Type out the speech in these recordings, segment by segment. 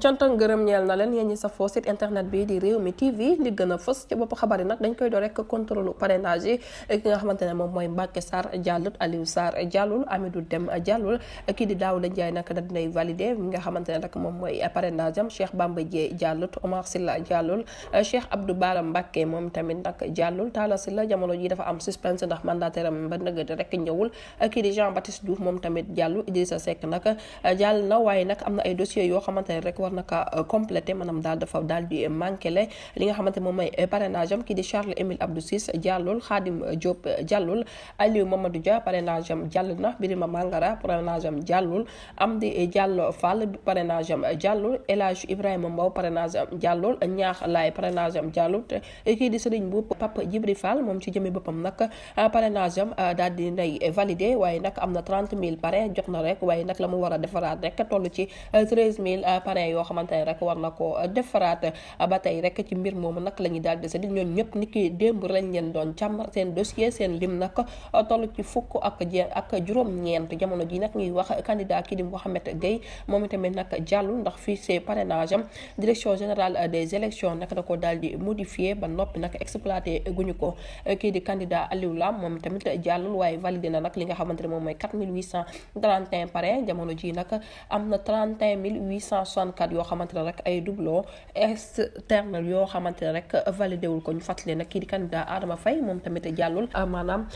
cant ak ngërëm ñeel na leen yéen ñi safoo site internet bi a ne moom mooy Mbacké Sarr jàllut Aliou Sarr jàllul Amidou Deme jàllul kii di Daouda da dinay validé mi nga xamante ne nag moom mooy parrainage am Cheikh Bamba Dièye jàllut Omar Silla jàllul Cheikh Abdou Bara Mbacké moom tamit nag jàllul Talla Silla jamono ji dafa am suspense ndax mandataire am ba nëgati rek ñëwul kii di Jean Baptiste Diouf moom tamit jàllu Idrissa Seck nag jàll na waaye nag am na ay dossiers yoo xamante ne war na ka euh, complété maanaam daal dafa daal di manqué le li nga xamante moom mooy euh, parrainage am kii di Charles Émile Abdou Ciss jàllul Khadim euh, Diop jàllul Aliou Mamadou Dia parrainage na Birima Mangara parrainage am jàllul Amdi Diallo Fall parrainage am Ibrahima Mbow parrainage am jàllul Ñaax Laay parrainage am jàllul kii di Serigne bu Pape Djibril Fall moom ci jëmee boppam nag parrainage am daal di nay validé waaye nag am na trente mille parrain jox na rek waaye nag la mu war a defaraat rek toll ci 13 000 parrain moyens yoo xamante ne rek war na koo defaraat ba tey rek ci mbir moomu nag la ñuy daal di ñëpp ni ki démb lañ leen doon càmbar seen dossier seen lim nag toll ci fukk ak juróom-ñeent jamono ji nag jàllul ndax fii c'est parrainage da ko daal di modifié ba noppi nag jamono ji nag am na 31860 kat yoo xamante ne rek ay doublon externe yoo xamante ne rek validé wul ko ñu fàttali nag kii di candidat Adama moom tamit jàllul ah, maanaam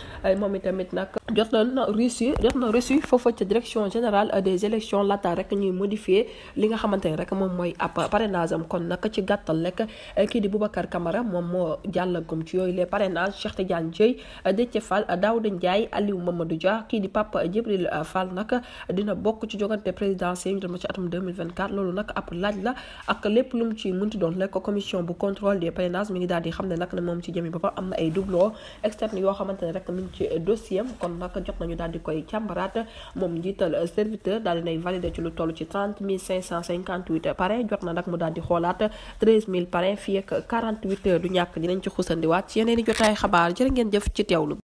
moom itamit nag jot na reçu jot na reçu foofa ca direction générale des élections laata rek ñuy modifier li nga xamante ne rek moom mooy ab parrainage am kon nag ci gàttal rek kii di Boubacar Camara moom moo jàllagum ci yooyu les parrainages Cheikh Tidiane Dieye Déthié Fall dina bokk ci jogante présidentielle ñu dem ci atum loolu nag nag ab laaj la ak lépp lu mu ci mënti doon rek commission bu contrôle des parrainages mi ngi daal di xam ne nag ne moom ci jëmi boppam am na ay doublons externes yoo xamante rek mi ngi ci dossier am kon nag jot nañu daal di koy càmbaraat moom njiital serviteur daal di nay validé ci lu toll ci 30 558 parrain jot na nag mu daal di xoolaat 13000 parrain fii ak 48 heures du ñàkk dinañ ci xusandiwaat ci yeneen di jotaay xabaar jërë ngeen jëf ci teewlu